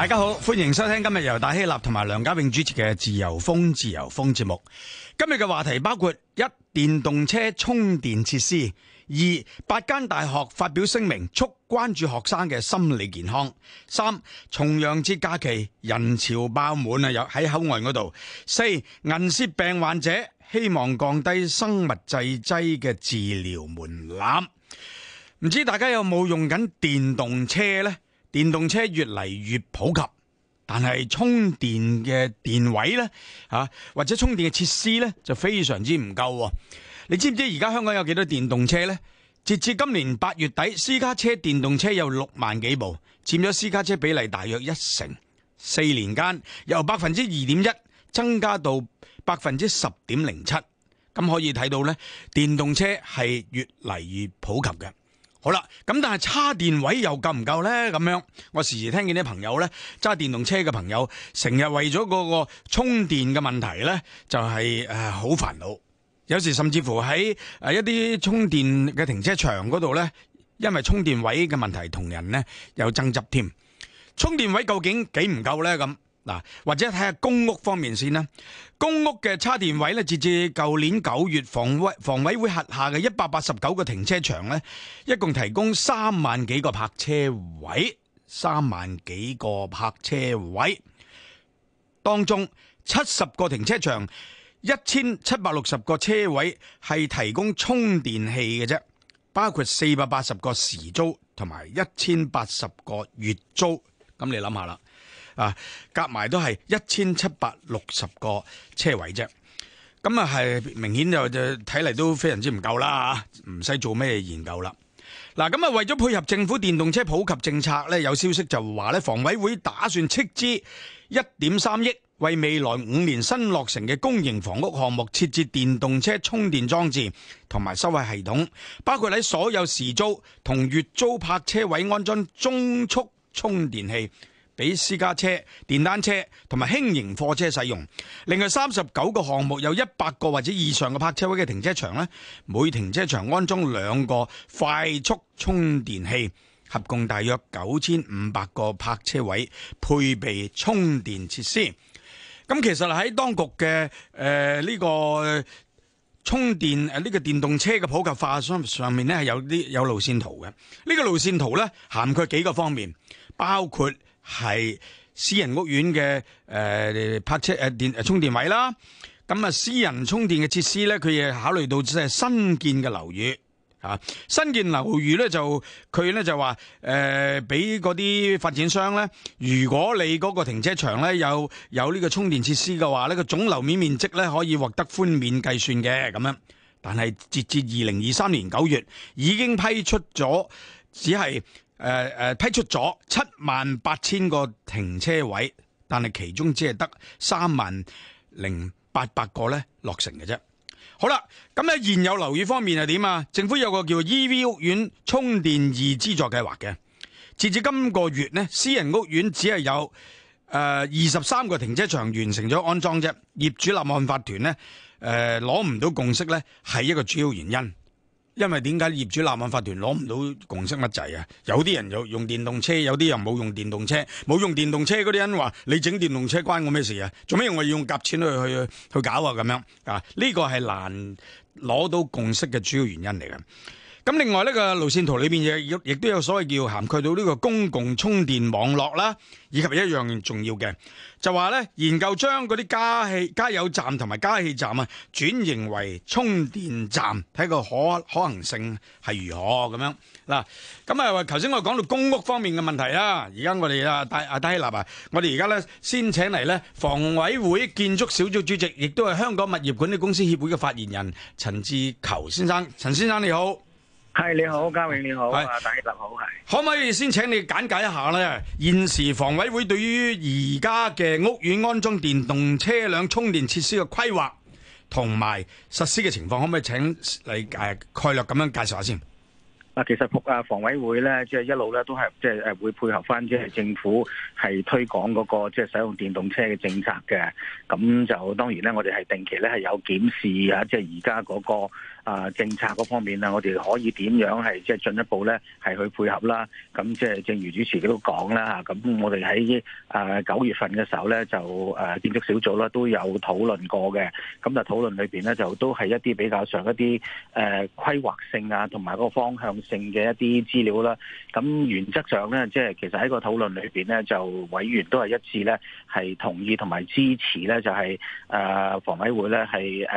大家好，歡迎收聽今日由大希臘同埋梁家永主持嘅《自由風自由風》節目。今日嘅話題包括：一、電動車充電設施；二、八間大學發表聲明，促關注學生嘅心理健康；三、重陽節假期人潮爆滿啊，有喺口岸嗰度；四、銀屑病患者希望降低生物製劑嘅治療門檻。唔知大家有冇用緊電動車呢？電動車越嚟越普及，但係充電嘅電位呢，吓或者充電嘅設施呢，就非常之唔夠。你知唔知而家香港有幾多電動車呢？截至今年八月底，私家車電動車有六萬幾部，佔咗私家車比例大約一成。四年間由百分之二點一增加到百分之十點零七，咁可以睇到呢，電動車係越嚟越普及嘅。好啦，咁但係叉電位又夠唔夠呢？咁樣，我時時聽見啲朋友呢，揸電動車嘅朋友，成日為咗個充電嘅問題呢，就係誒好煩惱。有時甚至乎喺誒一啲充電嘅停車場嗰度呢，因為充電位嘅問題同人呢有爭執添。充電位究竟幾唔夠呢？咁？或者睇下公屋方面先啦。公屋嘅叉電位呢，截至舊年九月，房委房委會轄下嘅一百八十九個停車場呢，一共提供三萬幾個泊車位，三萬幾個泊車位當中，七十個停車場一千七百六十個車位係提供充電器嘅啫，包括四百八十個時租同埋一千八十個月租。咁你諗下啦。啊，夾埋都係一千七百六十個車位啫，咁啊係明顯就睇嚟都非常之唔夠啦吓，唔使做咩研究啦。嗱，咁啊為咗配合政府電動車普及政策呢，有消息就話呢，房委會打算斥資一點三億，為未來五年新落成嘅公營房屋項目設置電動車充電裝置同埋收費系統，包括喺所有時租同月租泊車位安裝中速充電器。俾私家車、電單車同埋輕型貨車使用。另外，三十九個項目有一百個或者以上嘅泊車位嘅停車場咧，每停車場安裝兩個快速充電器，合共大約九千五百個泊車位配備充電設施。咁其實喺當局嘅誒呢個充電誒呢個電動車嘅普及化上，上面呢係有啲有路線圖嘅。呢個路線圖呢，涵蓋幾個方面，包括。係私人屋苑嘅誒泊車誒電，電充電位啦，咁啊私人充電嘅設施呢，佢亦考慮到即係新建嘅樓宇啊，新建樓宇呢，就佢呢就話誒俾嗰啲發展商呢：「如果你嗰個停車場呢，有有呢個充電設施嘅話，呢個總樓面面積呢，可以獲得寬免計算嘅咁樣，但係截至二零二三年九月已經批出咗，只係。誒、呃、誒、呃，批出咗七萬八千個停車位，但係其中只係得三萬零八百個咧落成嘅啫。好啦，咁咧現有樓宇方面係點啊？政府有個叫 E V 屋苑充電易資助計劃嘅，截至今個月咧，私人屋苑只係有誒二十三個停車場完成咗安裝啫。業主立案法團咧，誒攞唔到共識呢係一個主要原因。因為點解業主立案法團攞唔到共識乜滯啊？有啲人有用電動車，有啲人冇用電動車，冇用電動車嗰啲人話你整電動車關我咩事啊？做咩我要用夾錢去去去搞啊？咁樣啊？呢個係難攞到共識嘅主要原因嚟嘅。咁另外呢個路線圖裏邊，亦亦亦都有所謂叫涵蓋到呢個公共充電網絡啦，以及一樣重要嘅就話咧，研究將嗰啲加氣加油站同埋加氣站啊轉型為充電站，睇個可可能性係如何咁樣嗱。咁啊，話頭先我講到公屋方面嘅問題啦，而家我哋啊，戴阿戴希立啊，我哋而家咧先請嚟咧，房委會建築小組主席，亦都係香港物業管理公司協會嘅發言人陳志球先生。陳先生你好。係你好，嘉穎你好，啊大家好，係。可唔可以先請你簡介一下咧？現時房委會對於而家嘅屋苑安裝電動車輛充電設施嘅規劃同埋實施嘅情況，可唔可以請你誒、呃、概略咁樣介紹下先？嗱，其實啊，房委會咧，即係一路咧都係即係誒，會配合翻即係政府係推廣嗰個即係使用電動車嘅政策嘅。咁就當然咧，我哋係定期咧係有檢視啊，即係而家嗰個啊政策嗰方面啊，我哋可以點樣係即係進一步咧係去配合啦。咁即係正如主持都講啦，嚇咁我哋喺啊九月份嘅時候咧，就誒建築小組啦都有討論過嘅。咁就討論裏邊咧就都係一啲比較上一啲誒規劃性啊，同埋嗰個方向。性嘅一啲資料啦，咁原則上咧，即係其實喺個討論裏邊咧，就委員都係一致咧，係同意同埋支持咧，就是，就係誒房委會咧係誒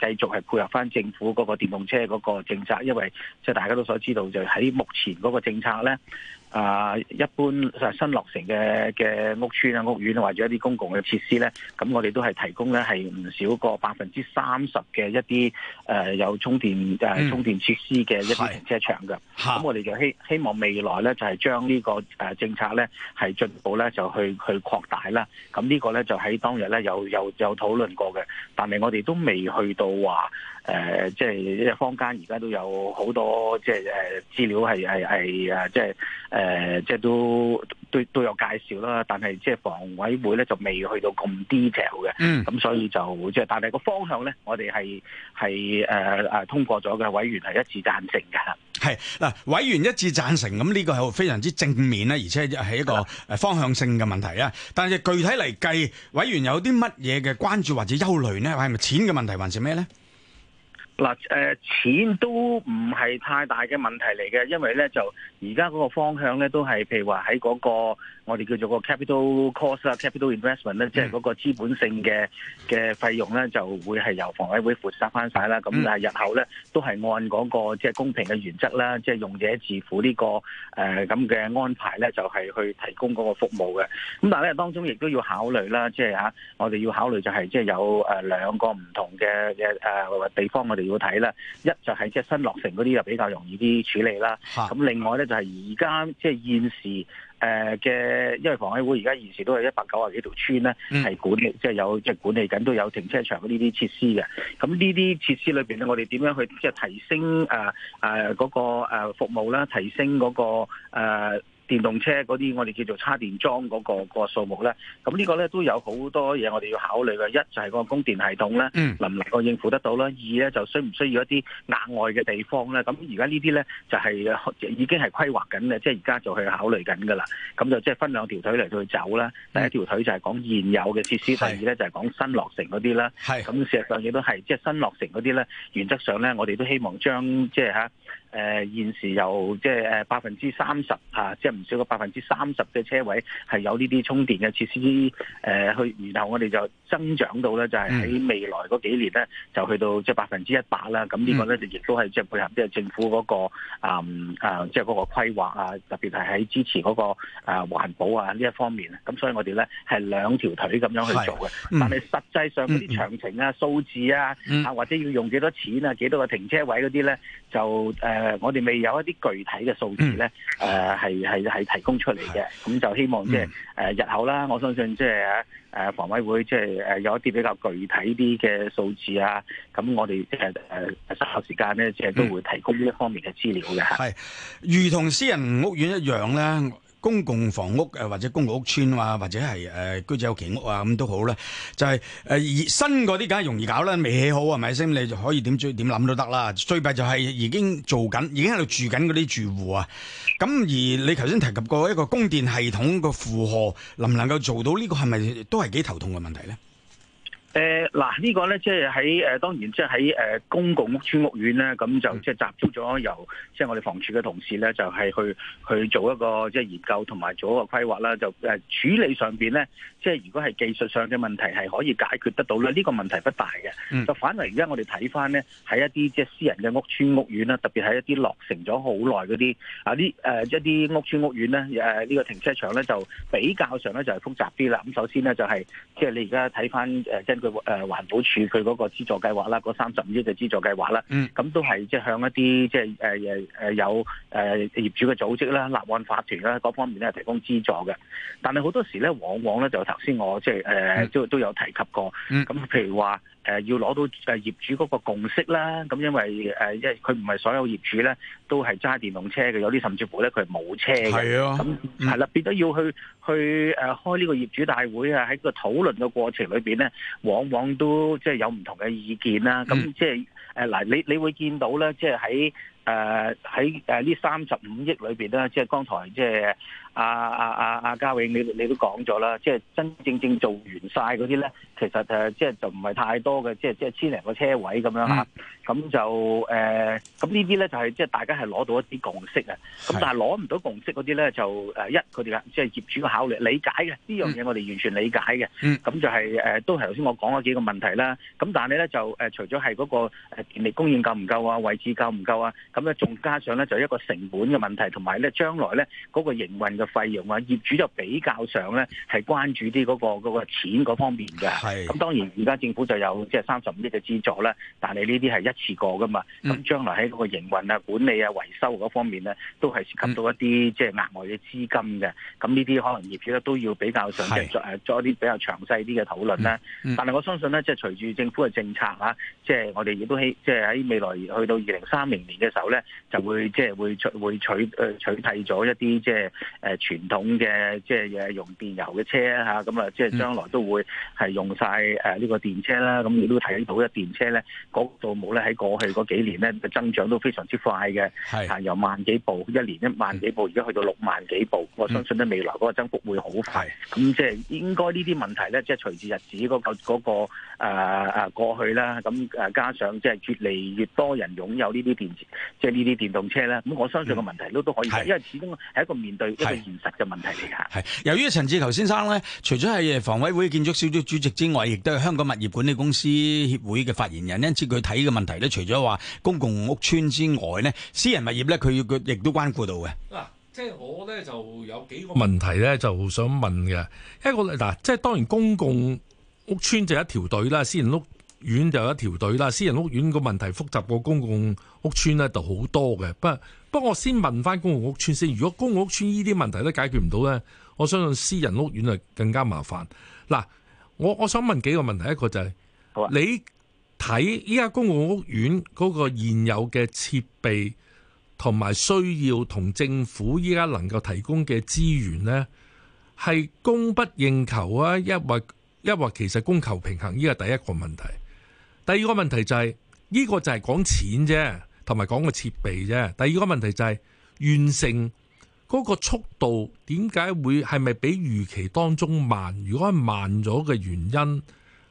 繼續係配合翻政府嗰個電動車嗰個政策，因為即係大家都所知道，就喺目前嗰個政策咧。啊、uh，一般新落成嘅嘅屋邨啊、屋苑啊，或者一啲公共嘅設施咧，咁我哋都係提供咧係唔少過百分之三十嘅一啲誒有充電誒、嗯、充電設施嘅一啲停車場嘅。咁我哋就希希望未來咧就係將呢個誒政策咧係進步咧就去去擴大啦。咁呢個咧就喺當日咧有有有討論過嘅，但係我哋都未去到話。誒、呃，即係即係，坊間而家都有好多即係誒資料係係係啊，即係誒、呃，即係、呃、都都都有介紹啦。但係即係房委會咧，就未去到咁 detail 嘅。嗯，咁所以就即係，但係個方向咧，我哋係係誒誒通過咗嘅，委員係一致贊成嘅。係嗱、呃，委員一致贊成，咁呢個係非常之正面咧，而且係一個誒方向性嘅問題啊。但係具體嚟計，委員有啲乜嘢嘅關注或者憂慮咧？係咪錢嘅問題，還是咩咧？嗱，錢都唔係太大嘅問題嚟嘅，因為咧就而家嗰個方向咧都係譬如話喺嗰個我哋叫做個 capital cost 啊、capital investment 咧、嗯，即係嗰個資本性嘅嘅費用咧，就會係由房委會負責翻晒啦。咁但係日後咧都係按嗰、嗰個即係、即係、公平嘅原則啦，即、就、係、是、用者自付呢、呢個誒咁嘅安排咧，就係、係、去提供嗰個服務嘅。咁但係咧當中亦都要考慮啦，即係吓我哋要考慮就係即係有誒兩個唔同嘅嘅誒地方我哋。要睇啦，一就係即新落成嗰啲就比較容易啲處理啦。咁、啊、另外咧就係而家即係現時誒嘅，因為房委會而家現時都係一百九十幾條村咧，係、嗯、管理即、係、有即、係、管理緊都有停車場呢啲設施嘅。咁呢啲設施裏邊咧，我哋點樣去即係提升誒誒嗰個服務啦，提升嗰、嗰個、呃電動車嗰啲我哋叫做叉電樁嗰、嗰個、嗰個數目咧，咁呢個咧都有好多嘢我哋要考慮嘅。一就係個供電系統咧、嗯，能唔能夠應付得到啦；二咧就需唔需要一啲額外嘅地方咧？咁而家呢啲咧就係、是、已經係規劃緊嘅，即係而家就去考慮緊㗎啦。咁就即係分兩條腿嚟到去走啦。第一條腿就係講現有嘅設施，第二咧就係講新落成嗰啲啦。咁事實上亦都係即係新落成嗰啲咧，原則上咧我哋都希望將即係誒、呃、現時有即係誒百分之三十嚇，即係唔、呃啊、少個百分之三十嘅車位係有呢啲充電嘅設施。誒、呃、去，然後我哋就增長到咧，就係、是、喺未來嗰幾年咧，就去到即係百分之一百啦。咁呢個咧亦都係即係配合啲政府嗰、那個、嗯、啊，即係嗰個規劃啊，特別係喺支持嗰、那個啊環保啊呢一方面。咁所以我哋咧係兩條腿咁樣去做嘅。但係實際上嗰啲詳情啊、數、嗯、字啊啊、嗯，或者要用幾多錢啊、幾多個停車位嗰啲咧，就誒。呃誒、呃，我哋未有一啲具體嘅數字咧，誒係係係提供出嚟嘅，咁就希望即係，誒、呃、日後啦，我相信即係啊，誒、呃、房委會即係有一啲比較具體啲嘅數字啊，咁我哋即係誒稍後時間咧，即係都會提供呢一方面嘅資料㗎。係，如同私人屋苑一樣咧。公共房屋誒或者公共屋邨啊，或者係誒、呃、居者有其屋啊，咁都好咧，就係、是、誒、呃、新嗰啲梗係容易搞啦。未起好係咪先？你就可以點做點諗都得啦。最弊就係已經做緊，已經喺度住緊嗰啲住戶啊。咁而你頭先提及過一個供電系統嘅負荷，能唔能夠做到呢、這個係咪都係幾頭痛嘅問題咧？誒、這、嗱、個，呢個咧即係喺誒當然即係喺誒公共屋邨屋苑咧，咁就即係集中咗由即係我哋房署嘅同事咧，就係去去做一個即係研究同埋做一個規劃啦。就誒處理上面咧，即係如果係技術上嘅問題係可以解決得到咧，呢、這個問題不大嘅。就反而而家我哋睇翻咧，喺一啲即係私人嘅屋邨屋苑啦，特別係一啲落成咗好耐嗰啲啊啲誒一啲屋邨屋苑咧，呢、這個停車場咧就比較上咧就係複雜啲啦。咁首先咧就係即係你而家睇翻嘅誒環保署佢嗰個資助計劃啦，嗰三十五億嘅資助計劃啦，咁、嗯、都係即係向一啲即係誒誒誒有誒業主嘅組織啦、立案法團啦嗰方面咧提供資助嘅。但係好多時咧，往往咧就頭先我即係誒都都有提及過，咁譬如話。誒要攞到誒業主嗰個共識啦，咁因為誒一佢唔係所有業主咧都係揸電動車嘅，有啲甚至乎咧佢係冇車嘅，係啊，咁係啦，變咗要去去誒開呢個業主大會啊，喺個討論嘅過程裏邊咧，往往都即係有唔同嘅意見啦，咁即係誒嗱，你你會見到咧，即係喺誒喺誒呢三十五億裏邊咧，即係剛才即係。阿阿阿阿嘉永你，你你都講咗啦，即係真正正做完晒嗰啲咧，其實誒即係就唔係太多嘅，即係即係千零個車位咁樣嚇。咁、嗯、就誒，咁呢啲咧就係即係大家係攞到一啲共識啊。咁但係攞唔到共識嗰啲咧，就誒一佢哋嘅即係業主嘅考慮理解嘅呢樣嘢，嗯、我哋完全理解嘅。咁、嗯、就係、是、誒，都頭先我講咗幾個問題啦。咁但係咧就誒，除咗係嗰個誒電力供應夠唔夠啊、位置夠唔夠啊，咁咧仲加上咧就一個成本嘅問題，同埋咧將來咧嗰個營運費用啊，業主就比較上咧係關注啲嗰個嗰個錢嗰方面嘅。係，咁當然而家政府就有即係三十五億嘅資助啦，但係呢啲係一次過噶嘛。咁將來喺嗰個營運啊、管理啊、維修嗰方面咧，都係涉及到一啲即係額外嘅資金嘅。咁呢啲可能業主咧都要比較上即係做一啲比較詳細啲嘅討論啦。但係我相信咧，即係隨住政府嘅政策啦，即係我哋亦都希即係喺未來去到二零三零年嘅時候咧，就會即係會取會取取替咗一啲即係誒。傳統嘅即係用電油嘅車嚇，咁啊即係將來都會係用晒誒呢個電車啦。咁亦都睇到一電車咧嗰度冇咧，喺過去嗰幾年咧增長都非常之快嘅，係由萬幾部一年一萬幾部，而家去到六萬幾部。我相信咧未來嗰個增幅會好快。咁即係應該呢啲問題咧，即係隨住日子嗰個嗰個過去啦。咁加上即係越嚟越多人擁有呢啲電即係呢啲電動車咧。咁我相信個問題都都可以解決，因為始終係一個面對一定。現實嘅問題嚟嘅，係由於陳志球先生咧，除咗係房委會建築小組主席之外，亦都係香港物業管理公司協會嘅發言人，因此佢睇嘅問題咧，除咗話公共屋邨之外咧，私人物業咧，佢佢亦都關顧到嘅。嗱、啊，即係我咧就有幾個問題咧，就想問嘅，一個嗱，即係當然公共屋邨就一條隊啦，私人屋。院就有一條隊啦。私人屋苑個問題複雜過公共屋邨咧，就好多嘅。不不過我先問翻公共屋邨先。如果公共屋邨呢啲問題都解決唔到咧，我相信私人屋苑就更加麻煩。嗱。我我想問幾個問題，一個就係、是、你睇依家公共屋苑嗰個現有嘅設備、同埋需要，同政府依家能夠提供嘅資源咧，係供不應求啊，抑或抑或其實供求平衡呢個第一個問題。第二個問題就係呢個就係講錢啫，同埋講個設備啫。第二個問題就係完成嗰個速度點解會係咪比預期當中慢？如果係慢咗嘅原因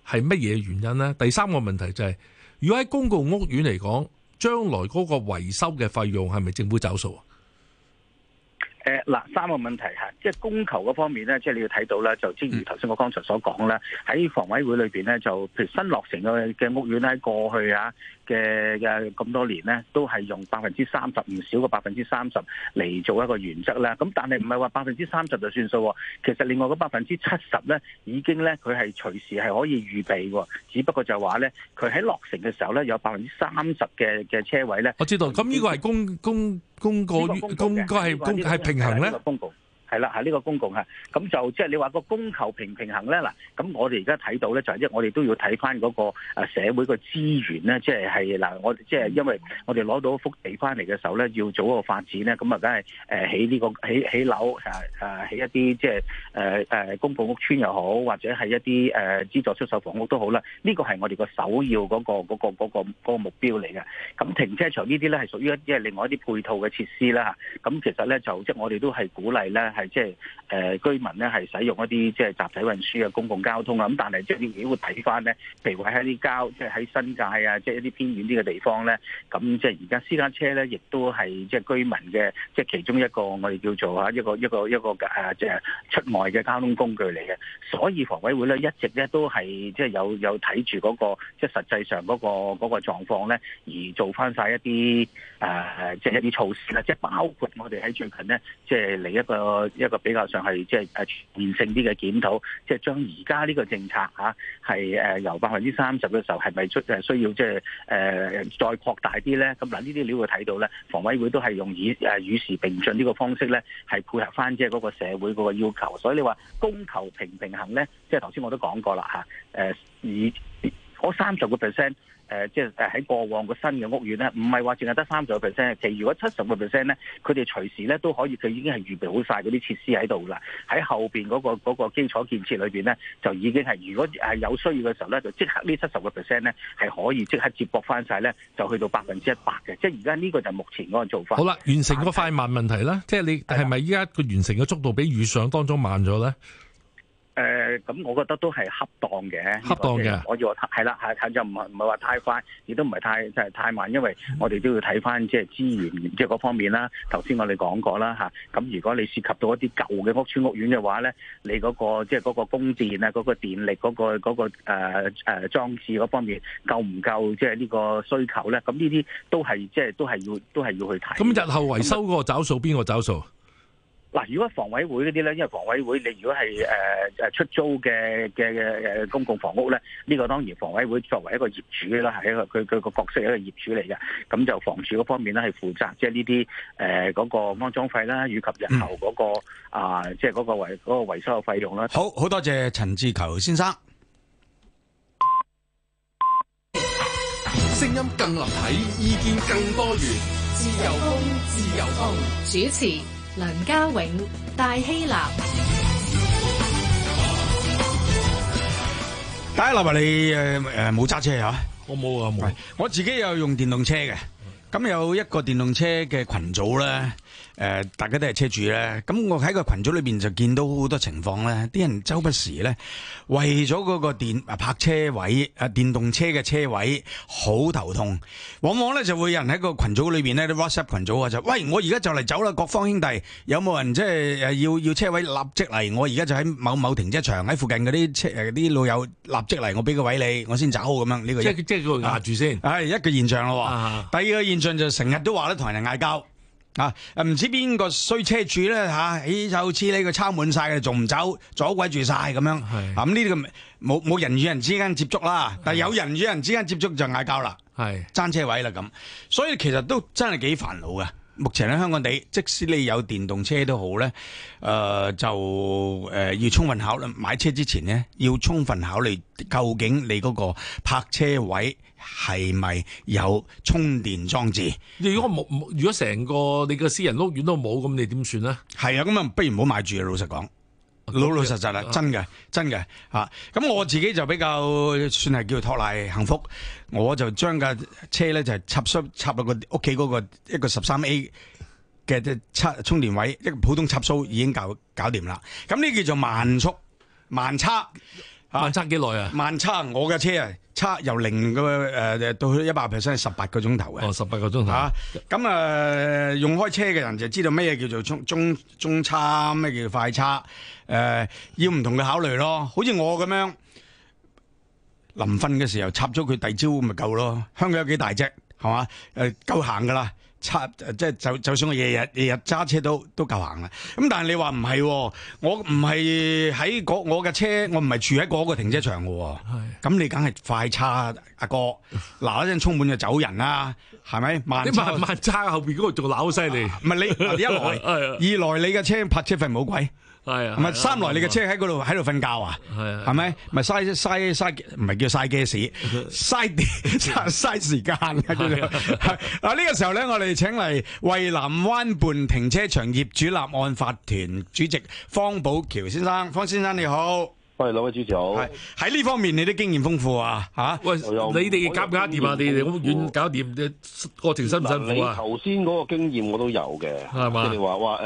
係乜嘢原因咧？第三個問題就係如果喺公共屋苑嚟講，將來嗰個維修嘅費用係咪政府走數啊？誒，嗱三個問題嚇，即係供求嗰方面咧，即係你要睇到啦，就正如頭先我剛才所講啦，喺房委會裏邊咧，就譬如新落成嘅嘅屋苑喺過去呀。嘅嘅咁多年咧，都係用百分之三十唔少嘅百分之三十嚟做一個原則啦。咁但係唔係話百分之三十就算數？其實另外嗰百分之七十咧，已經咧佢係隨時係可以預備。只不過就話咧，佢喺落成嘅時候咧，有百分之三十嘅嘅車位咧。我知道。咁呢個係公公公、這個、公告公、這個、公個公告係係平衡咧。係啦，喺、這、呢個公共咁就即係、就是、你話個供求平平衡咧嗱，咁我哋而家睇到咧就係、是、一、就是，我哋都要睇翻嗰個誒社會個資源咧，即係係嗱，我即係因為我哋攞到幅地翻嚟嘅時候咧，要早個發展咧，咁啊梗係誒起呢個起起樓誒誒起一啲即係誒誒公共屋邨又好，或者係一啲誒資助出售房屋都好啦，呢、這個係我哋個首要嗰、那個嗰、那個嗰、那個、那個目標嚟嘅。咁停車場呢啲咧係屬於即係另外一啲配套嘅設施啦，咁其實咧就即係、就是、我哋都係鼓勵咧係。即係誒居民咧，係使用一啲即係集體運輸嘅公共交通啊，咁但係即係你會睇翻咧，譬如喺一啲郊，即係喺新界啊，即係一啲偏遠啲嘅地方咧，咁即係而家私家車咧，亦都係即係居民嘅，即係其中一個我哋叫做嚇一個一個一個誒，即係出外嘅交通工具嚟嘅。所以房委會咧，一直咧都係即係有有睇住嗰個即係實際上嗰個嗰個狀況咧，而做翻晒一啲誒，即係一啲措施啦，即係包括我哋喺最近咧，即係嚟一個。一個比較上係即係誒全面性啲嘅檢討，即係將而家呢個政策嚇係誒由百分之三十嘅時候係咪出誒需要即係誒再擴大啲咧？咁嗱呢啲你會睇到咧，房委會都係用與誒與時並進呢個方式咧，係配合翻即係嗰個社會嗰個要求。所以你話供求平平衡咧，即係頭先我都講過啦吓，誒、呃，以嗰三十個 percent。誒、呃、即係誒喺過往個新嘅屋苑咧，唔係話淨係得三十個 percent，其實如果七十個 percent 咧，佢哋隨時咧都可以，佢已經係預備好晒嗰啲設施喺度啦。喺後邊嗰、嗰個嗰個基礎建設裏邊咧，就已經係如果係有需要嘅時候咧，就即刻這呢七十個 percent 咧係可以即刻接駁翻晒咧，就去到百分之一百嘅。即係而家呢個就係目前嗰個做法。好啦，完成個快慢問題啦，即係你係咪依家個完成嘅速度比預想當中慢咗咧？誒、呃，咁我覺得都係恰當嘅，恰當嘅，我以為係啦，係就唔係唔係話太快，亦都唔係太即係太慢，因為我哋都要睇返即係資源即係嗰方面啦。頭先我哋講過啦吓，咁如果你涉及到一啲舊嘅屋邨屋苑嘅話咧，你嗰個即係嗰個供電啊，嗰個電力嗰個嗰個誒誒裝置嗰方面夠唔夠即係呢個需求咧？咁呢啲都係即係都係要都係要去睇。咁日後維修嗰個找數邊個找數？嗱，如果房委會嗰啲咧，因為房委會，你如果係誒誒出租嘅嘅嘅公共房屋咧，呢個當然房委會作為一個業主啦，係一個佢佢個角色係一個業主嚟嘅。咁就房署嗰方面咧，係負責即係呢啲誒嗰個安裝費啦，以及日後嗰個啊即係嗰個維個維修嘅費用啦、嗯。好好多謝陳志球先生。聲音更立體，意見更多元，自由風，自由風主持。梁家永，戴希南，戴希南啊，你誒誒冇揸車吓？我冇啊，冇。係我自己有用電動車嘅，咁有一個電動車嘅群組咧。誒、呃，大家都係車主咧，咁我喺個群組裏邊就見到好多情況咧，啲人周不時咧為咗嗰個電啊、泊車位啊電動車嘅車位好頭痛，往往咧就會有人喺個群組裏邊呢啲 WhatsApp 群組啊就，喂，我而家就嚟走啦，各方兄弟，有冇人即係要要車位立即嚟？我而家就喺某某停車場，喺附近嗰啲車誒啲老友立即嚟，我俾個位你，我先走咁樣，呢個。即即係佢壓住先。係 一， 一個現象咯、 啊。第二個現象就成日都話咧同人嗌交。啊！唔知邊個衰車主咧吓、啊，起就好似呢個抄滿晒嘅，仲唔走，阻鬼住晒咁樣。係是，咁呢啲咁冇冇人與人之間接觸啦。是但係有人與人之間接觸就嗌交啦，係爭是車位啦咁。所以其實都真係幾煩惱嘅。目前咧，香港地即使你有電動車都好咧，誒、呃、就誒、呃、要充分考慮買車之前呢，要充分考慮究竟你嗰個泊車位。係咪有充電裝置如？如果冇，如果成個你個私人屋苑都冇，咁你點算咧？係啊，咁啊，不如唔好買住。老實講、啊，老老實實啦，真嘅，真嘅吓。咁、啊、我自己就比較算係叫托賴幸福，我就將架車咧就係插蘇插落個屋企嗰個一個十三 A 嘅即插充電位，一個普通插蘇已經搞搞掂啦。咁呢叫做慢速慢插。啊，差幾耐啊？慢差，我嘅車啊，差由零個誒到去一百 percent，十八個鐘頭嘅。哦，十八個鐘頭。吓咁啊，用開車嘅人就知道咩叫做中中中差，咩叫做快差。誒、呃，要唔同嘅考慮咯。好似我咁樣，臨瞓嘅時候插咗佢第二朝，咪夠咯。香港有幾大隻，係嘛？誒，夠行噶啦。叉即係就就算我日日日日揸車都都夠行啦，咁但係你話唔係喎，我唔係喺我嘅車，我唔係住喺嗰個停車場嘅喎、哦，咁的你梗係快叉阿、啊啊、哥嗱一陣充滿就走人啦、啊，係咪 慢，慢？慢慢揸後邊嗰個鬧你好犀利，唔係 你，你一來 二來你嘅車泊車費冇鬼。係啊，唔係三來你嘅車喺嗰度喺度瞓覺啊，係咪、啊？咪嘥嘥嘥，唔係叫嘥 g a 嘥啲嘥時間、啊啊啊啊啊。啊，呢、這個時候咧，我哋請嚟蔚藍灣畔停車場業主立案法團主席方保僑先生，方先生你好。喂，兩位主持好。係喺呢方面你啲經驗豐富啊吓、啊？喂，你哋搞唔搞掂啊？你哋公遠搞掂，個過程辛唔辛苦啊？頭先嗰個經驗我都有嘅，係嘛？你哋話話誒誒誒，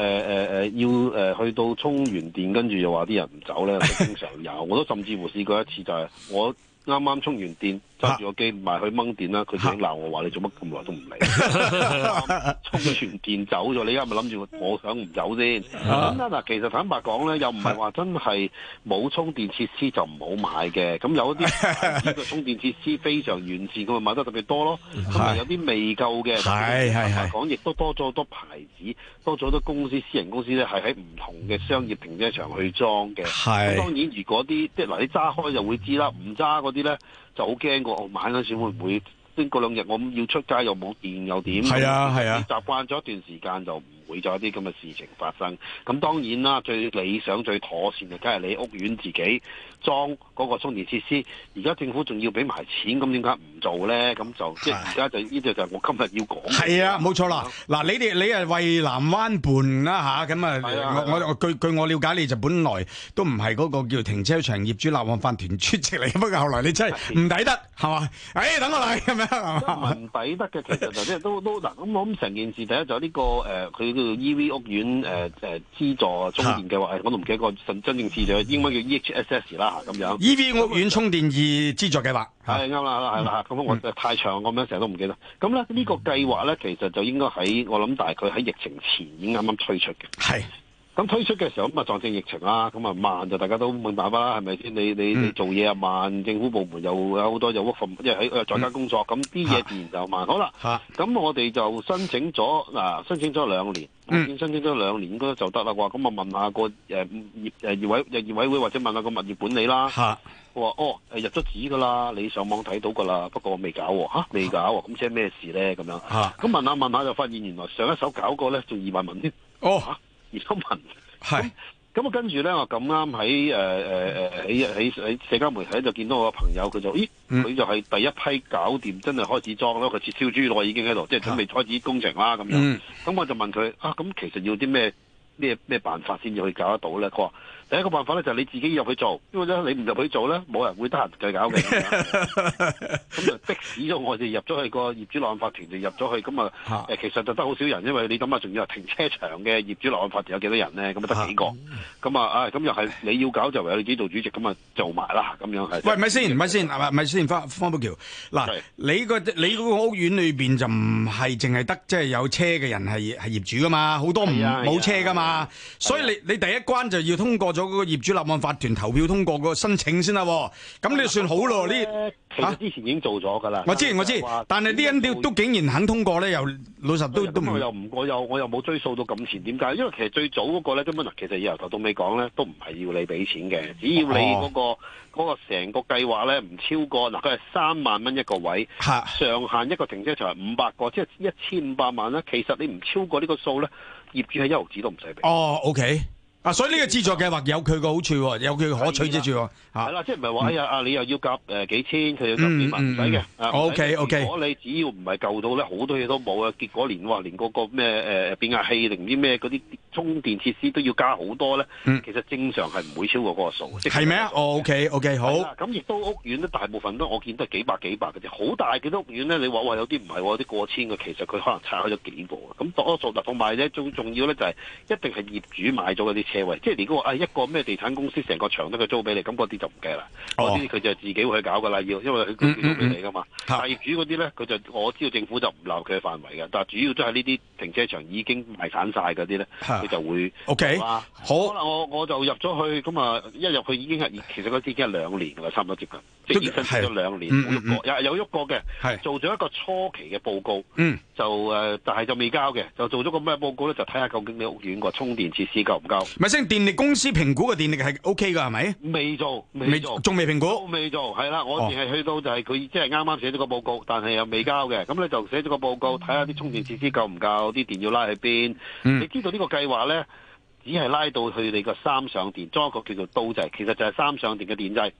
要誒、呃、去到充完電，跟住又話啲人唔走咧，經常有。 我都甚至乎試過一次，就係、是、我啱啱充完電。揸住個機唔係去掹電啦，佢想鬧我話你做乜咁耐都唔嚟？充完電走咗。你而家咪諗住，我想唔走先。咁 嗱，其實坦白講咧，又唔係話真係冇充電設施就唔好買嘅。咁有啲呢個充電設施非常完善嘅，買得特別多咯。同埋有啲未夠嘅，同埋講亦都多咗好多牌子，多咗好多公司、私人公司咧，係喺唔同嘅商業停車場去裝嘅。係。咁當然，如果啲即係嗱，你揸開就會知啦。唔揸嗰啲咧。就好驚喎，我晚嗰時會唔會先？嗰兩日我要出街又冇電又怎樣，又點？係啊係啊！習慣咗、啊、一段時間就。會咗一啲咁嘅事情發生，咁當然啦，最理想、最妥善嘅，梗係你屋苑自己裝嗰個充電設施。而家政府仲要俾埋錢，咁點解唔做咧？咁就即係而家就呢度就我今日要講。係啊，冇錯啦。嗱、啊，你哋你係蔚藍灣畔啦，吓、啊，咁啊，啊，我我據據我了解，你就本來都唔係嗰個叫停車場業主立案法團出席嚟，不過後來你真係唔抵得，係嘛、啊？誒、哎，等我嚟咁樣係嘛？唔抵得嘅，其實， 其實就即係都都嗱，咁我諗成件事第一就呢、呢個誒佢。呃 E V 屋苑誒誒、呃呃、資助充電計劃，誒、啊、我都唔記得個真真正字叫英文叫 E H S S 啦咁樣。E V 屋苑充電易資助計劃，係啱啦，係啦，咁、嗯、我太長我咩成日都唔記得。咁咧呢、呢個計劃咧，其實就應該喺我諗，大概喺疫情前已經啱啱推出嘅。係。咁推出嘅時候咁啊，撞正疫情啦，咁啊慢就大家都冇辦法啦，係咪先？你你、嗯、你做嘢啊慢，政府部門又有好多又屈服，即係喺在家工作，咁啲嘢自然就慢。好啦，咁、啊、我哋就申請咗嗱、啊，申請咗兩年，嗯、申請咗兩年應該就得啦啩。咁啊問下個誒業誒業委會或者問下個物業管理啦、啊。我話哦，入咗紙噶啦，你上網睇到噶啦，不過我未搞喎未、啊、搞喎，咁即係咩事咧？咁樣，咁、啊、問下問下就發現原來上一手搞過咧，仲二萬蚊添。哦。啊而家問，咁啊，跟住咧，我咁啱喺誒誒誒喺喺喺社交媒體就見到我個朋友，佢就咦，佢就係第一批搞掂，真係開始裝咯，佢切燒豬咯已經喺度，即係準備開始工程啦咁樣。咁我就問佢啊，咁其實要啲咩咩咩辦法先至可以搞得到咧？佢話。第一個辦法咧，就係你自己入去做，因為咧你唔入去做咧，冇人會得閒計搞嘅。咁 就逼死咗我哋入咗去個業主立案法團就入咗去，咁啊其實就得好少人，因為你咁啊，仲要係停車場嘅業主立案法團有幾多人咧？咁啊得幾個，咁啊啊，咁又係你要搞就唯有你自己做主席咁啊做埋啦，咁樣係。喂，咪先，咪先，係咪咪先？方方保僑，嗱，你個你嗰個屋苑裏邊就唔係淨係得即係有車嘅人係係業主噶嘛，好多唔冇車噶嘛，所以你你第一關就要通過咗嗰個業主立案法團投票通過個申請先啦，咁你算好咯呢？其實之前已經做咗噶啦。我知，我知，但係啲人都都竟然肯通過咧，又老實都都我又唔我又我又冇追數到咁前。點解？因為其實最早嗰個咧，根本嗱，其實由頭到尾講咧，都唔係要你俾錢嘅，只要你嗰個嗰個成個計劃咧唔超過嗱，佢係三萬蚊一個位，上限一個停車場係五百個，即係一千五百萬啦。其實你唔超過呢個數咧，業主係一毫子都唔使俾。哦，OK。啊、所以呢個資助計劃有佢個好處，有佢可取之處。嚇，係、啊、啦，即係唔係話啊？啊，你又要夾誒幾千，佢要夾幾萬唔使嘅。O K O K。啊嗯、okay, okay, 如果你只要唔係舊到咧，好多嘢都冇嘅，結果連話連嗰個咩誒、呃、變壓器定啲咩嗰啲充電設施都要加好多咧、嗯。其實正常係唔會超過嗰個數。係咪 o K O K。Okay, okay, okay, okay, 好。咁亦都屋苑咧，大部分我都我見都係幾百幾百嘅啫。好大幾多屋苑咧，你話哇有啲唔係，有啲過千嘅，其實佢可能拆開咗幾個。咁多數嗱，同埋咧最重要咧就係一定係業主買咗嗰啲車。即係如果話啊一個咩地產公司成個場都佢租俾你，咁嗰啲就唔計啦。嗰啲佢就自己會去搞噶啦，要因為佢租俾你噶嘛。業主嗰啲咧，佢、啊、就我知道政府就唔鬧佢嘅範圍嘅。但係主要都係呢啲停車場已經賣散晒嗰啲咧，佢、啊、就會。O、okay. K，好。可能我我就入咗去咁啊，一入去已經係，其實嗰啲已經係兩年啦，差唔多接近，即係延伸咗兩年。冇喐過 mm -hmm. 有有喐過嘅，做咗一個初期嘅報告，嗯、就誒、呃，但係就未交嘅，就做咗個咩報告咧，就睇下究竟你屋苑個充電設施夠唔夠。先，電力公司評估嘅電力係 OK 噶，係咪？未做，未做，仲未評估，未做，係啦。我哋係去到就係佢，即係啱啱寫咗個報告，但係又未交嘅。咁你就寫咗個報告，睇下啲充電設施夠唔夠，啲電要拉去邊。嗯。你知道這個呢個計劃咧？只係拉到去你個三相電裝一個叫做刀掣，其實就係三相電嘅電掣，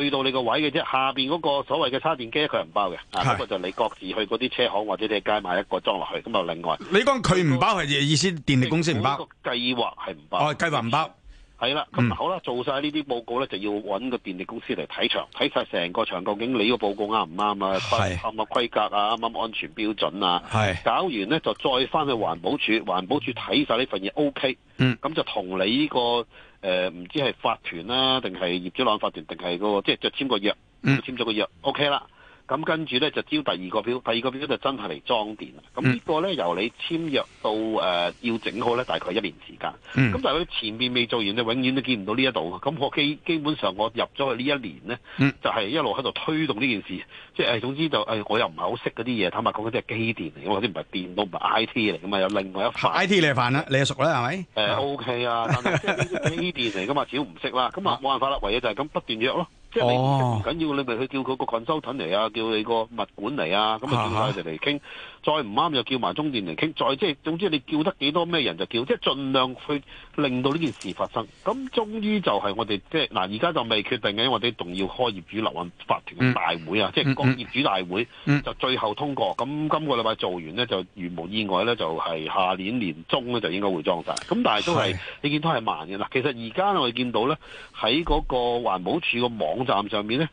去到你個位嘅啫。下邊嗰個所謂嘅叉電機佢係唔包嘅、嗯，不過就你各自去嗰啲車行或者你街買一個裝落去。咁啊，另外你講佢唔包係、這個、意思電力公司唔包？個計劃係唔包哦，計劃唔包。係啦，咁好啦，做晒呢啲報告咧，就要搵個電力公司嚟睇場，睇晒成個場究竟你依個報告啱唔啱啊？合唔合規格啊？啱唔啱安全標準啊？係，搞完咧就再翻去環保處，環保處睇晒呢份嘢 O K。OK, 嗯，咁就同你呢、呢個誒，唔、呃、知係法團啦、啊，定係業主立案法團，定係、嗰個即係就簽個約，簽咗個約，O K 啦。嗯 OK 咁跟住咧就招第二個標，第二個標就真係嚟裝電。咁呢個咧由你簽約到誒、呃、要整好咧，大概一年時間。咁、嗯、但係佢前面未做完就永遠都見唔到呢一度。咁我基基本上我入咗去呢一年咧，就係、是、一路喺度推動呢件事。嗯、即係總之就誒、哎，我又唔係好識嗰啲嘢。坦白講，嗰啲係機電嚟，我啲唔係電腦唔係 I T 嚟噶嘛，有另外一塊 I T 你係煩啦，你係熟啦係咪？誒 O K 啊，但 但即機電嚟噶嘛，少唔識啦。咁啊冇辦法啦，唯、嗯、嘢就係咁不斷約咯。即係你唔緊要，oh. 你咪去叫佢個 consultant 嚟啊，叫你個物管嚟啊，咁啊叫曬佢哋嚟傾。Oh. 再唔啱又叫埋中電嚟傾，再即係總之你叫得幾多咩人就叫，即係盡量去令到呢件事發生。咁終於就係我哋即係嗱，而家就未決定嘅，因為我哋仲要開業主立案法團嘅大會啊、嗯，即係、嗯、各業主大會就最後通過。咁、嗯、今個禮拜做完呢，就如無意外呢，就係、是、下年年中呢，就應該會裝晒。咁但係都係你見到係慢嘅啦。其實而家我哋見到呢，喺嗰個環保署個網站上面呢，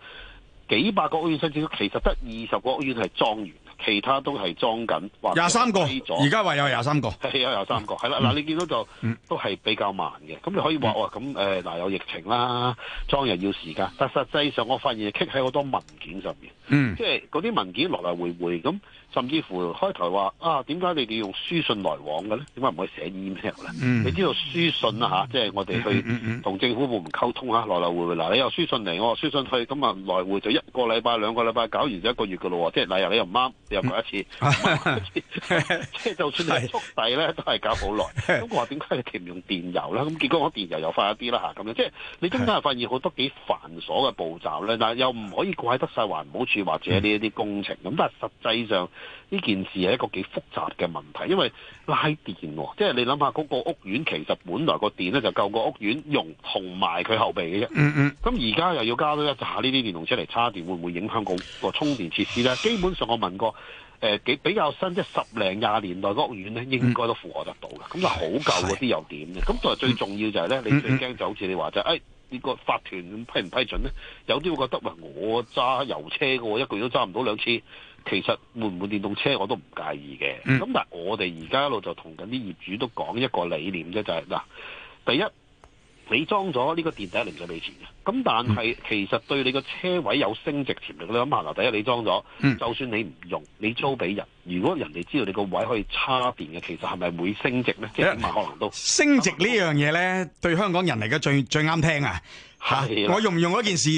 幾百個屋苑申請，其實得二十個屋苑係裝完。其他都係裝緊，話廿三個，而家話有廿三個，係有廿三個，係、嗯、啦，嗱、嗯、你見到就都係比較慢嘅，咁你可以話喎，咁誒嗱有疫情啦，裝又要時間，但實際上我發現棘喺好多文件上面，嗯，即係嗰啲文件來來回回咁。甚至乎開頭話啊，點解你哋用書信來往嘅咧？點解唔可以寫 email 咧、嗯？你知道書信啊嚇，即、就、係、是、我哋去同政府部門溝通啊，來來回回嗱，你有書信嚟，我又書信去，咁啊來回、啊啊啊啊嗯、就一個禮拜、兩個禮拜，搞完就一個月嘅咯喎！即係嗱，又你又唔啱，你又過一次，即、嗯、係、嗯、 就算係速遞咧，都係搞好耐。咁我話點解你唔用電郵咧？咁結果我電郵又快一啲啦嚇，咁樣即係你中間發現好多幾繁瑣嘅步驟咧，嗱又唔可以怪得晒環保署或者呢一啲工程，咁、嗯、但係實際上。呢件事係一個幾複雜嘅問題，因為拉電、哦，即係你諗下嗰個屋苑其實本來個電咧就夠個屋苑用同埋佢後備嘅啫。咁而家又要加多一架呢啲電動車嚟插電，會唔會影響個，個充電設施咧？基本上我問過誒、呃，幾比較新即係十零廿年代屋苑咧，應該都負荷得到嘅。咁就好舊嗰啲又點嘅。咁、嗯嗯、但係最重要就係咧，你最驚就好似你話就是，誒、哎，呢個法團批唔批准咧？有啲會覺得，喂、哎，我揸油車嘅，我一個月都揸唔到兩次。其實換唔換電動車我都唔介意嘅，咁、嗯、但係我哋而家一路就同緊啲業主都講一個理念啫，就係、是、嗱，第一你裝咗呢個電池，零就俾錢嘅。咁但係其實對你個車位有升值潛力，你諗下啦，第一你裝咗、嗯，就算你唔用，你租俾人，如果人哋知道你個位可以叉電嘅，其實係咪會升值咧？即係可能都升值呢樣嘢咧，對香港人嚟講最最啱聽啊！吓、啊，我用唔用嗰件事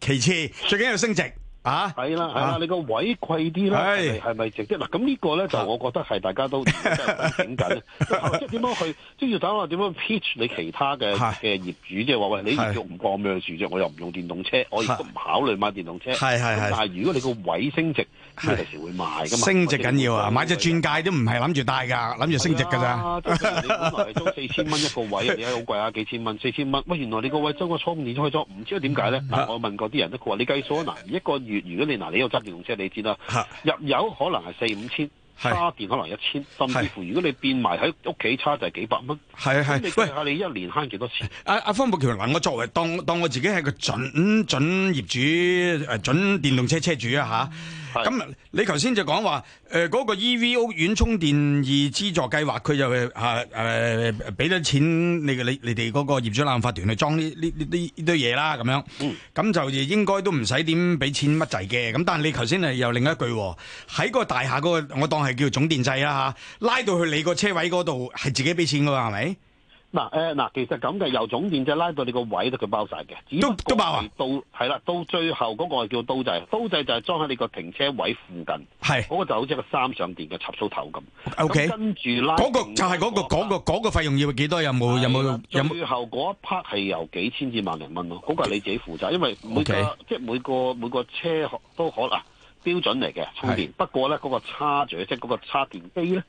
其次，最緊要升值。啊，係啦、啊，係啦、啊，你位係係個位貴啲啦，係咪？係咪值？即嗱，咁呢個咧就我覺得係大家都景緊， 即係點樣去即係要打我點樣 pitch 你其他嘅嘅業主，即係話喂，你用唔放咩住啫？我又唔用電動車，我亦都唔考慮買電動車。係係。但係如果你個位升值，你隨時會賣噶嘛。升值緊要啊！買隻鑽戒都唔係諗住戴㗎，諗住升值㗎咋。啊、嗯！你本來租四千蚊一個位，你又好貴啊，幾千蚊，四千蚊。喂，原來你位個位租個倉年開咗？唔知點解咧？嗱、啊，我問過啲人咧，佢話你計數啊，一個如果你嗱你有揸電動車，你知啦，入油可能係四五千，加電可能一千，甚至乎如果你變埋喺屋企差就係、是、幾百蚊。係係，喂，你計下你一年慳幾多錢？阿阿、啊啊啊、方保僑嗱，我作為當當我自己係個準準業主誒、啊、準電動車車主啊嚇。嗯咁你頭先就講話誒嗰個 E.V.，屋苑充電易資助計劃，佢就誒誒俾咗錢你你你哋嗰個業主立案法團去裝呢呢呢呢堆嘢啦咁樣，咁、嗯、就應該都唔使點俾錢乜滯嘅。咁但係你頭先係又另一句喎，喺個大廈嗰個我當係叫總電掣啦嚇，拉到去你個車位嗰度係自己俾錢㗎喎，係咪？是嗱、呃、嗱、呃，其實咁嘅由總電掣拉到你個位都佢包晒嘅，都包到係、啊、啦，到最後嗰個係叫刀掣，刀掣就係裝喺你個停車位附近，嗰、那個就好似、okay. 那個三相電嘅插蘇頭咁。O K，跟住拉嗰就係嗰個嗰、那個嗰、那個那個、費用要幾多？有冇有冇有有？最後嗰一 part 係由幾千至萬零蚊咯，嗰、嗯那個你自己負責，因為每個、okay. 即每個每個車都可能標準嚟嘅充電。不過咧嗰、那個叉住即係嗰個叉電機咧。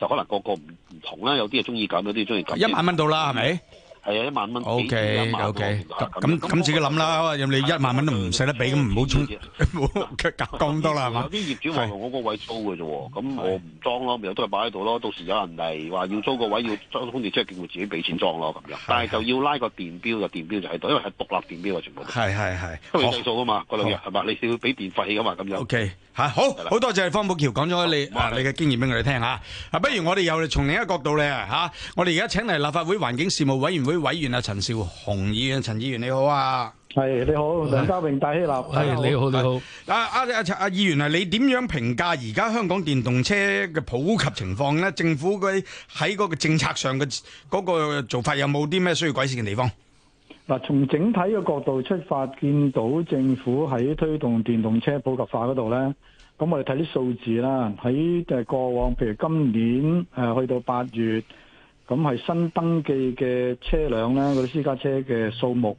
就可能個個唔唔同啦，有啲係中意減，有啲中意減。一萬蚊到啦，係咪？係啊，一萬蚊 OK，OK，咁咁咁自己諗啦。因為你一萬蚊都唔捨得俾，咁唔好裝，唔好裝多啦，係嘛？有啲業主咪同我嗰位租嘅啫喎，咁我唔裝咯，咪有都係擺喺度咯。到時有人嚟話要租個位要裝空調，即係叫我自己俾錢裝咯咁樣。但係就要拉個電表，個電表就喺度，因為係獨立電表啊，全部係係係好計數啊嘛，嗰兩日係嘛，你要俾電費噶嘛咁樣。OK 嚇，好好多謝方保僑講咗你啊，你嘅經驗俾我哋聽嚇。啊，不如我哋又從另一個角度咧嚇，我哋而家請嚟立法會環境事務委員會。委員啊，陳紹雄議員，啊、陳議員，陳議員你好啊，係你好，梁家榮大希立，係你好，你好，啊啊啊！陳啊，啊議員啊，你點樣評價而家香港電動車嘅普及情況咧？政府佢喺嗰個政策上嘅嗰個做法有冇啲咩需要改善嘅地方？嗱，從整體嘅角度出發，見到政府喺推動電動車普及化嗰度咧，咁我哋睇啲數字啦，喺就係過往，譬如今年誒、呃、去到八月。咁係新登記嘅車輛咧，嗰啲私家車嘅數目，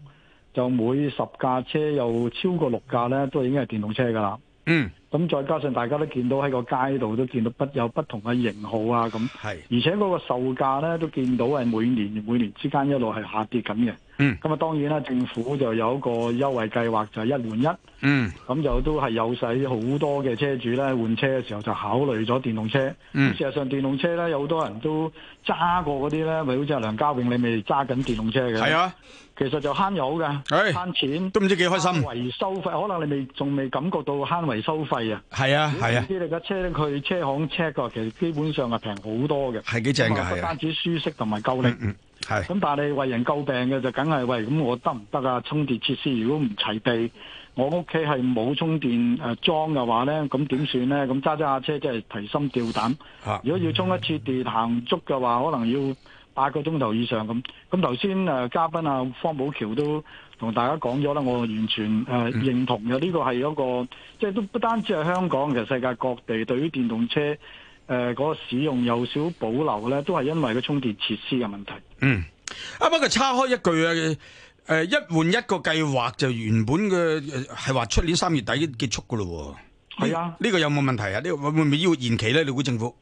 就每十架車又超過六架咧，都已經係電動車㗎啦。嗯，咁再加上大家都見到喺個街度都見到不有不同嘅型號啊，咁，係，而且嗰個售價咧都見到係每年每年之間一路係下跌緊嘅。嗯，咁、嗯、啊，當然啦，政府就有一個優惠計劃，就係、是、一換一。嗯，咁就都係有使好多嘅車主咧換車嘅時候就考慮咗電動車。嗯、事實上電動車咧有好多人都揸過嗰啲咧，咪好似阿梁家榮你咪揸緊電動車嘅。係啊，其實就慳油㗎，慳錢都唔知幾開心。維修費可能你未仲未感覺到慳維修費啊。係啊，係啊，唔知你架車佢車行 check 過，其實基本上係平好多嘅。係幾正㗎？係、啊、單止舒適同埋夠力。嗯嗯。咁，但係你為人詬病嘅就梗係喂，咁我得唔得啊？充電設施如果唔齊備，我屋企係冇充電誒、呃、裝嘅話咧，咁點算咧？咁揸揸下車即係提心吊膽，啊。如果要充一次電行足嘅話，可能要八個鐘頭以上咁。咁頭先誒、嘉賓啊，方保僑都同大家講咗啦，我完全誒、呃、認同嘅。呢個係一個即係、就是、都不單止係香港，其實世界各地對於電動車。誒、呃、嗰、那個使用有少許保留咧，都係因為個充電設施嘅問題。嗯，啱啱佢叉開一句啊！誒、呃，一換一個計劃就原本嘅係話出年三月底結束㗎喇喎。啊，呢、欸這個有冇問題啊？呢、這個會唔會要延期咧？你估政府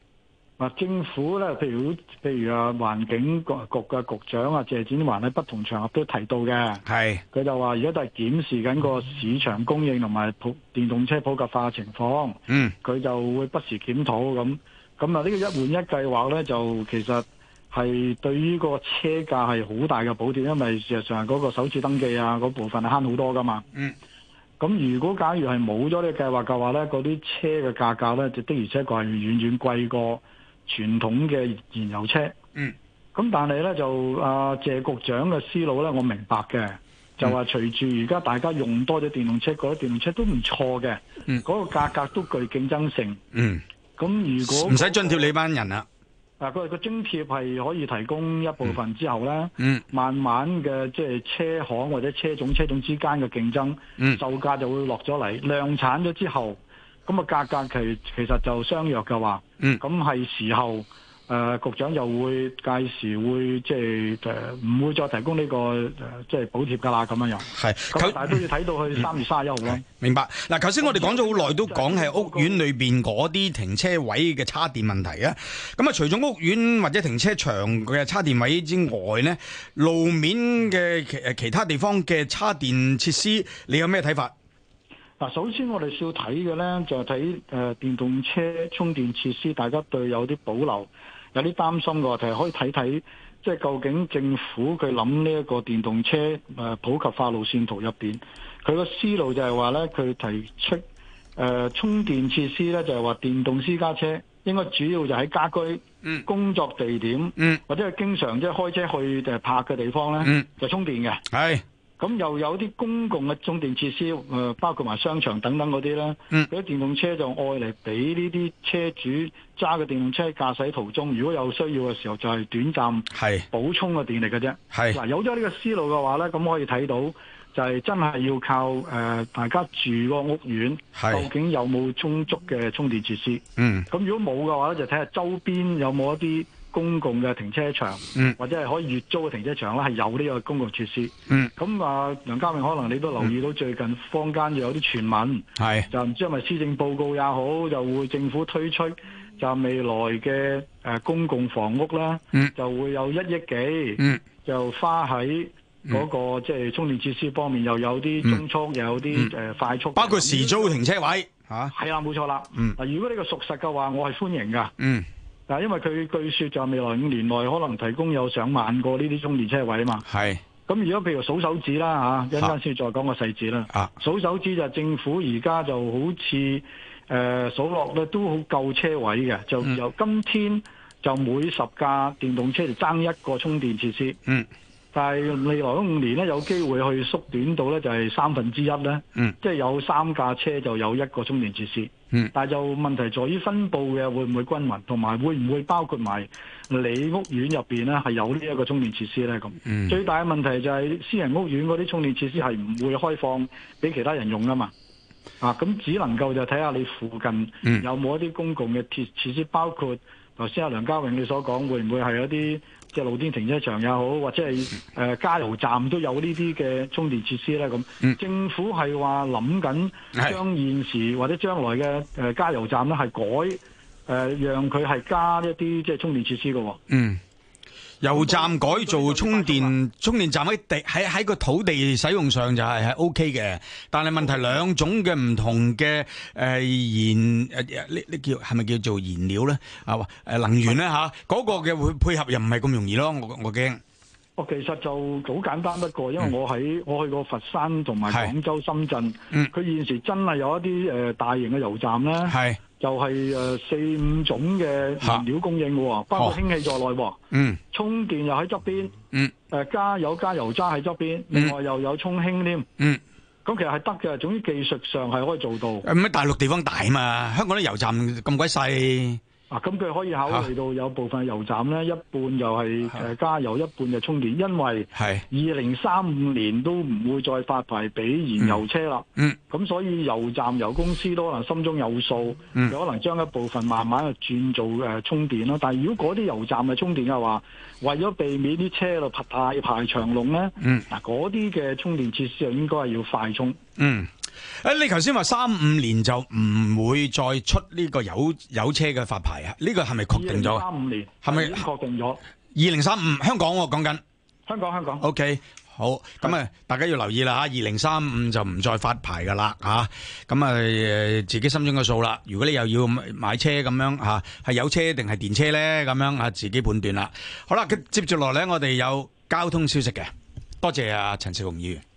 啊，政府咧，譬如譬如，譬如啊，環境局嘅局長啊，謝展寰喺不同場合都提到嘅。係，佢就話而家都係檢視緊個市場供應同埋普電動車普及化嘅情況。嗯，佢就會不時檢討咁。嗯咁啊，呢個一換一計劃呢，就其實係對於個車價係好大嘅補貼，因為事實上嗰個首次登記啊，嗰部分慳好多噶嘛。嗯。咁如果假如係冇咗呢個計劃嘅話呢，嗰啲車嘅價格呢，就的而且確係遠遠貴過傳統嘅燃油車。嗯。咁但係呢就阿、啊、謝局長嘅思路呢，我明白嘅，就話隨住而家大家用多咗電動車，嗰啲電動車都唔錯嘅，嗰、嗯嗰個價格都具競爭性。嗯。咁如果唔、那、使、個、津貼你班人啦，嗱、啊，佢個津貼係可以提供一部分之後咧、嗯，慢慢嘅即係車行或者車種車種之間嘅競爭、嗯，售價就會落咗嚟，量產咗之後，咁、那、啊、個、價格其其實就相若嘅話，咁、嗯、係時候。誒、呃、局長又會屆時會即係誒唔會再提供呢、這個誒、呃、即係補貼㗎啦咁樣樣。係，咁、呃、都要睇到去三月卅一號咯。明白。嗱、呃，頭先我哋講咗好耐，都講係屋苑裏邊嗰啲停車位嘅叉電問題啊。咁啊，除咗屋苑或者停車場嘅叉電位之外咧，路面嘅其其他地方嘅叉電設施，你有咩睇法？嗱、呃，首先我哋要睇嘅咧就係睇誒電動車充電設施，大家對有啲保留。有啲擔心嘅話題，可以睇睇，即係究竟政府佢諗呢一個電動車普及化路線圖入邊，佢個思路就係話咧，佢提出誒、呃、充電設施咧，就係話電動私家車應該主要就喺家居、工作地點，嗯、或者係經常即係開車去定係泊嘅地方咧、嗯，就充電嘅。係。咁又有啲公共嘅充電設施，誒、呃、包括埋商場等等嗰啲啦。嗰、嗯、啲電動車就愛嚟俾呢啲車主揸嘅電動車駕駛途中，如果有需要嘅時候，就係短暫補充個電力嘅啫。係嗱、啊，有咗呢個思路嘅話咧，咁可以睇到就係真係要靠誒、呃、大家住個個屋苑，究竟有冇充足嘅充電設施？嗯，咁如果冇嘅話咧，就睇下周邊有冇一啲。公共嘅停車場，嗯、或者係可以月租嘅停車場咧，係有呢個公共設施。咁、嗯、啊，楊家明可能你都留意到最近坊間有啲傳聞，就唔知係咪施政報告也好，就會政府推出就未來嘅誒、呃、公共房屋啦、嗯，就會有一億幾、嗯，就花喺嗰、那個、嗯、即係充電設施方面，又有啲中速，嗯、又有啲誒快速，包括時租停車位吓，係、啊、啦，冇錯啦。嗱、嗯，如果呢個屬實嘅話，我係歡迎噶。嗯嗱，因為佢據說在未來五年內可能提供有上萬個呢啲充電車位啊嘛。係。咁如果譬如數手指啦嚇，一陣間先再講個細節啦。啊、數手指就政府而家就好似誒、呃、數落咧都好夠車位嘅，就、嗯、由今天就每十架電動車就爭一個充電設施。嗯。但係未來五年咧，有機會去縮短到咧就係三分之一咧，嗯，即係有三架車就有一個充電設施。嗯，但係就問題在於分佈嘅會唔會均勻，同埋會唔會包括埋你屋苑入邊咧係有呢一個充電設施咧咁。嗯，最大嘅問題就係私人屋苑嗰啲充電設施係唔會開放俾其他人用吖嘛。啊，咁只能夠就睇下你附近有冇一啲公共嘅設設施，嗯、包括頭先阿梁家榮你所講會唔會係一啲。即係露天停車場也好，或者係誒、呃、加油站都有呢啲嘅充電設施咧。咁政府係話諗緊將現時或者將來嘅誒、呃、加油站咧，係改誒、呃，讓佢係加一啲即係充電設施嘅。嗯。油站改造充電充電站喺地喺喺個土地使用上就係係 O K 嘅，但係問題兩種嘅唔同嘅，誒燃誒誒呢呢叫係咪叫做燃料咧啊誒能源咧吓嗰個嘅會配合又唔係咁容易咯，我我驚哦其實就好簡單不過，因為我喺我去過佛山同埋廣州深圳，佢現時真係有一啲誒大型嘅油站咧。係。又係誒四五種嘅燃料供應喎，包括氫氣在內。嗯、哦，充電又喺側邊。嗯，誒、呃、加油加油揸喺側邊，另外又有充氫添。嗯，咁其實係得嘅，總之技術上係可以做到。唔係大陸地方大啊嘛，香港啲油站咁鬼細。啊，咁佢可以考慮到有部分油站呢，一半又係呃加油，一半就充電，因為二零三五年都唔會再發牌俾燃油車啦。嗯，咁所以油站油公司都可能心中有數，有可能將一部分慢慢轉做呃充電啦。但係如果嗰啲油站係充電嘅話，為咗避免啲車喺度排太排長龍咧，嗱嗰啲嘅充電設施就應該係要快充。嗯，誒，你頭先話三五年就唔會再出呢個有有車嘅發牌啊？呢個係咪確定咗？三五年係咪確定咗？二零三五香港我講緊。香港香港。O K。好，咁啊，大家要留意啦吓，二零三五就唔再發牌噶啦吓，咁啊，自己心中嘅數啦。如果你又要買車咁樣吓，係油車定係電車咧咁樣啊，自己判斷啦。好啦，接住落嚟咧，我哋有交通消息嘅，多謝啊，陳紹雄議員。